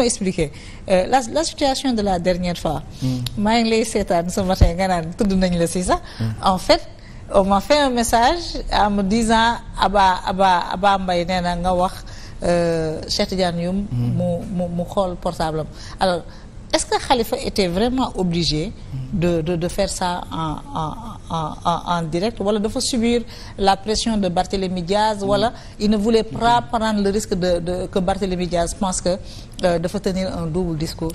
ma expliquer euh, la la situation de la dernière fois. Hmm. maa ngi lay seetaan ce matin nga naan tudd nañ la si sax. Hmm. en fait on m'a fait un message en me abaa Aba Aba Aba Mbaye nga wax euh, Cheikh Tidiane Youm. Hmm. mu mu mu xool portable am est-ce que Khalifa était vraiment obligé. de de de en en en direct wala dafa subir la pression de Barthélémy Diaz mm. wala il ne voulait pas mm-hmm. prendre le risque de de que parce Diaz pense que euh, dafa tenir un double discours.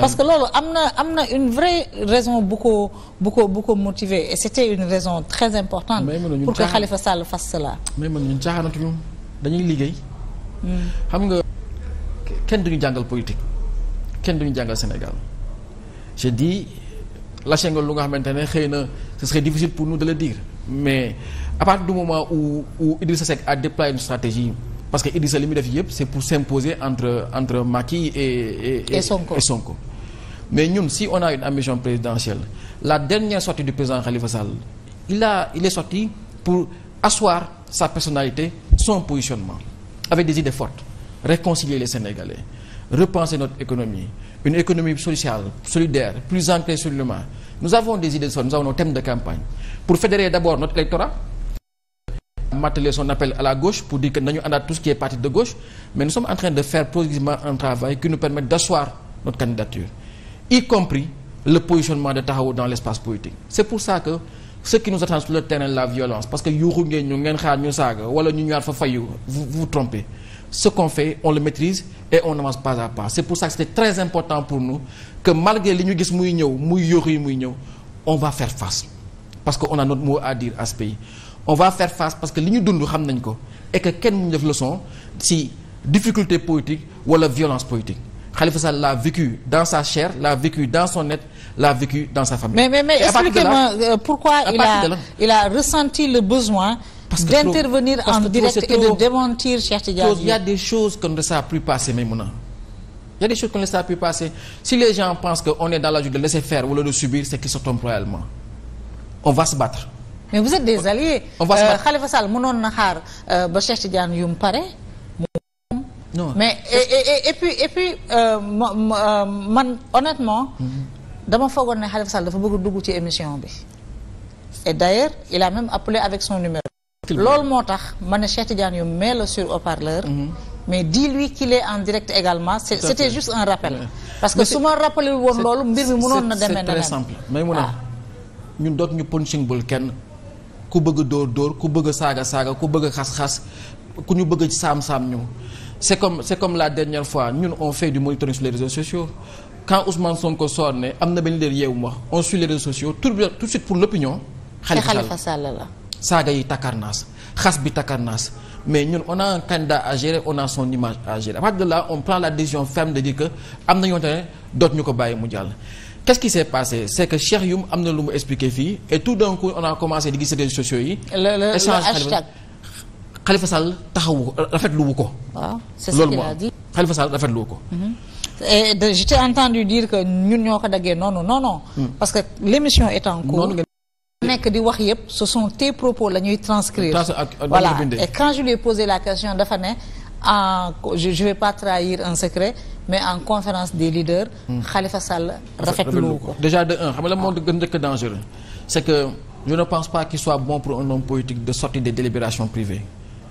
parce que loolu am na am na une vraie raison bu ko bu ko bu ko motiver et c'était une raison très importante. pour que Khalifa Sall fasse cela. mais man ñun caaxaanatuñu dañuy liggéey. Mm. xam nga kenn duñu jàngal politique kenn duñu jàngal Sénégal lâché nga lu nga xamante ne xëy na ce serait difficile pour nous de le dire mais à partir du moment où où Idrissa Seck a déployé une stratégie parce que Idrissa li muy def yëpp c'est pour s'imposer entre entre Macky et et, et, et Sonko mais ñun si on a une ambition présidentielle la dernière sortie du président Khalifa Sall il a il est sorti pour asseoir sa personnalité son positionnement avec des idées fortes réconcilier les Sénégalais repenser notre économie une économie sociale solidaire plus ancrée sur l'humain nous avons des idées de nous avons nos thèmes de campagne pour fédérer d'abord notre électorat mateler son appel à la gauche pour dire que nañu àndaat tout ce qui est parti de gauche mais nous sommes en train de faire progressivement un travail qui nous permet d'asseoir notre candidature y compris le positionnement de Taxawu dans l'espace politique c'est pour ça que ce qui nous attend sur le ce qu'on fait on le maîtrise et on avance pas à pas c'est pour ça que c'était très important pour nous que malgré li ñu gis muy ñëw muy yóru yi muy ñëw on va faire face parce que on a notre mot à dire à ce pays on va faire face parce que li ñu dund xam nañ ko et que kenn mu def leçon si difficulté politique wala violence politique Khalifa Sall l'a vécu dans sa chair l'a vécu dans son être l'a vécu dans sa famille. mais mais mais expliquez-moi euh, pourquoi il a il a ressenti parce que d'intervenir en direct et de démentir Cheikh Tidiane il des choses qu'on ne plus passer Maïmouna il y a des choses qu'on ne plus passer si les gens pensent que on est dans la joute de laisser faire wala de subir c'est qu'ils se trompent royalement on va se battre mais vous êtes des alliés on va se euh, battre na xaar euh, ba Cheikh Tidiane yu mu mais et puis et puis euh, man honnêtement mm-hmm. dama foogoon ne Khalifa Sall dafa bëgg dugg ci émission bi et d'ailleurs il a même appelé avec son numéro loolu moo tax ma ne Cheikh Tidiane yu met le sur haut-parleur mhm. mais dis-lui qu'il en direct également c'était juste un rappel parce que su ma rappelé woon loolu mbir mi mënoon na demee na c'est très simple mais mu ah. ñun doot ñu punching ball kenn ku bëgg dóor dóor ku bëgg saaga saaga ku bëgg xas-xas ku ñu bëgg saam-saam ñu c'est comme c'est comme la dernière fois ñun on fait du monitoring sur les réseaux sociaux quand Ousmane Sonko soor ne am na benn leer yeewu ma on suit les réseaux sociaux pour l'opinion Khalifa Sall la saaga yi takkarnaas xas bi takkarnaas mais ñun on a un candidat à a son image à gérer de là on prend la décision ferme de dire que am na ñoo xam doot ñu ko bàyyi mu jàll. qu'est-ce qui s'est c'est que Cheikh Youm am na lu mu expliqué fii et tout d'un coup on a commencé di gis sociaux yi. échange hashtag Khalifa Sall taxawu rafetlu wu ko. a loolu moom Khalifa Sall rafetlu wu ko. je mm-hmm. t'ai entendu dire que ñun ñoo ko daggee non non hmm. parce que l'émission nekk di wax yëpp ce sont tes propos la transcrire voilà et quand je lui ai posé la question dafa ne en je je vais pas trahir un secret mais en conférence des leaders. Hmm. Khalifa Sall rafetlu ko. déjà de un xam nga la moo gën njëkk dangereux c'est que je ne pense pas qu'il soit bon pour un homme politique de sortir des délibérations privées.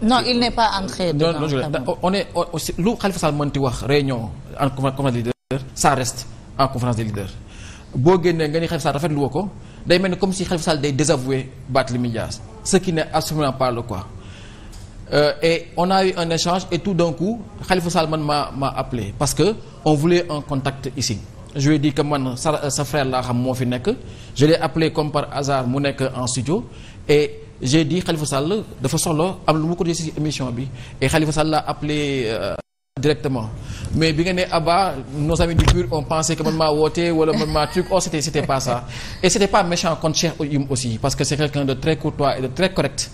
non il n'est pas entré. non non je lu Khalifa Sall mënti wax réunion en conférence des leaders ça reste en conférence des leaders boo génnee nga ni Khalifa Sall rafetlu ko. day mel ni comme si Khalifa Sall day désavoué Barthélémy Dias ce qui n'est absolument par le cas euh, et on a eu un échange et tout donc coup Khalifa Sall man m'a m'a appelé parce que on voulait un contact ici je lui que man sa sa frère laa xam moo fi nekk je apple appelé comme par hasard mu nekk en studio et j'ai dit Khalifa dafa soxla am lu mu ko dee émission bi et Khalifa Sall l'a appelé euh, directement mais bi nga ne Abba ah nos amis du PUR ont pensé que man maa woote wala man maa truc oh c'était c'était pas ça et c'était pas méchant contre Cheikh Oum aussi parce que c'est quelqu'un de très courtois et de très correct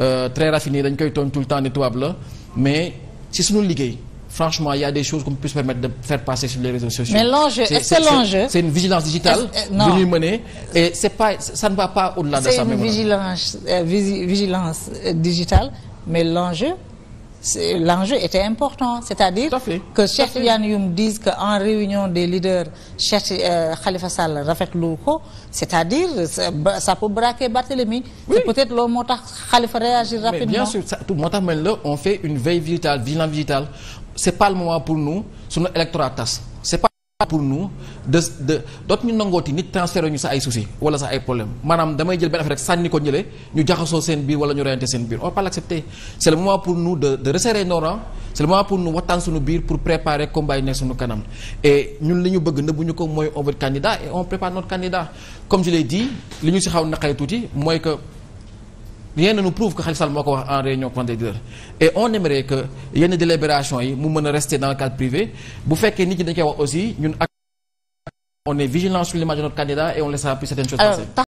euh, très raffiné koy tooñ tout le temps ni tubaab la mais si sunu liggéey franchement il des choses qu'on peut se permettre de faire passer sur les réseaux sociaux. mais l'enjeu est-ce que l'enjeu c'est une vigilance digitale. Euh, non bu ñuy mener et c'est pas ça l'enjeu était important c'est-à-dire que Cheikh Tidiane Youm dise que en réunion des leaders Cheikh euh, Khalifa Sall rafetlu ko c'est-à-dire ça peut braquer Barthélemy c'est peut-être loolu moo tax Khalifa réagir rapidement mais bien sûr moo tax man la on fait une veille vigitale vigilance vitale c'est pas le moment pour nous suñu électorat tas pour nous de de doot ñu nangooti nit transféré ñu sax ay souci wala sax ay problème maanaam damay jël benn affaire rek sànni ko ñële ñu jaxasoo seen biir wala ñu reyante seen biir on va pas l'accepter c'est le moment pour nous de de resserrer nos rangs pour nous waxtaan suñu biir pour préparer combat yi nekk suñu kanam et ñun li ñu bëgg nëbbu ñu ko mooy on veut candidat et on prépare notre candidat comme je l'ai dit li ñu si xaw naqare tuuti mooy que rien ne nous prouve que Khalifa moo ko wax en réunion Candé leader et on aimerait que yenn délibération yi mu mën a rester dans le cadre privé bu fekkee nit ñi dañ koy wax aussi ñun on est vigilant sur l'image notre candidat et on laissera plus certaines choses passer.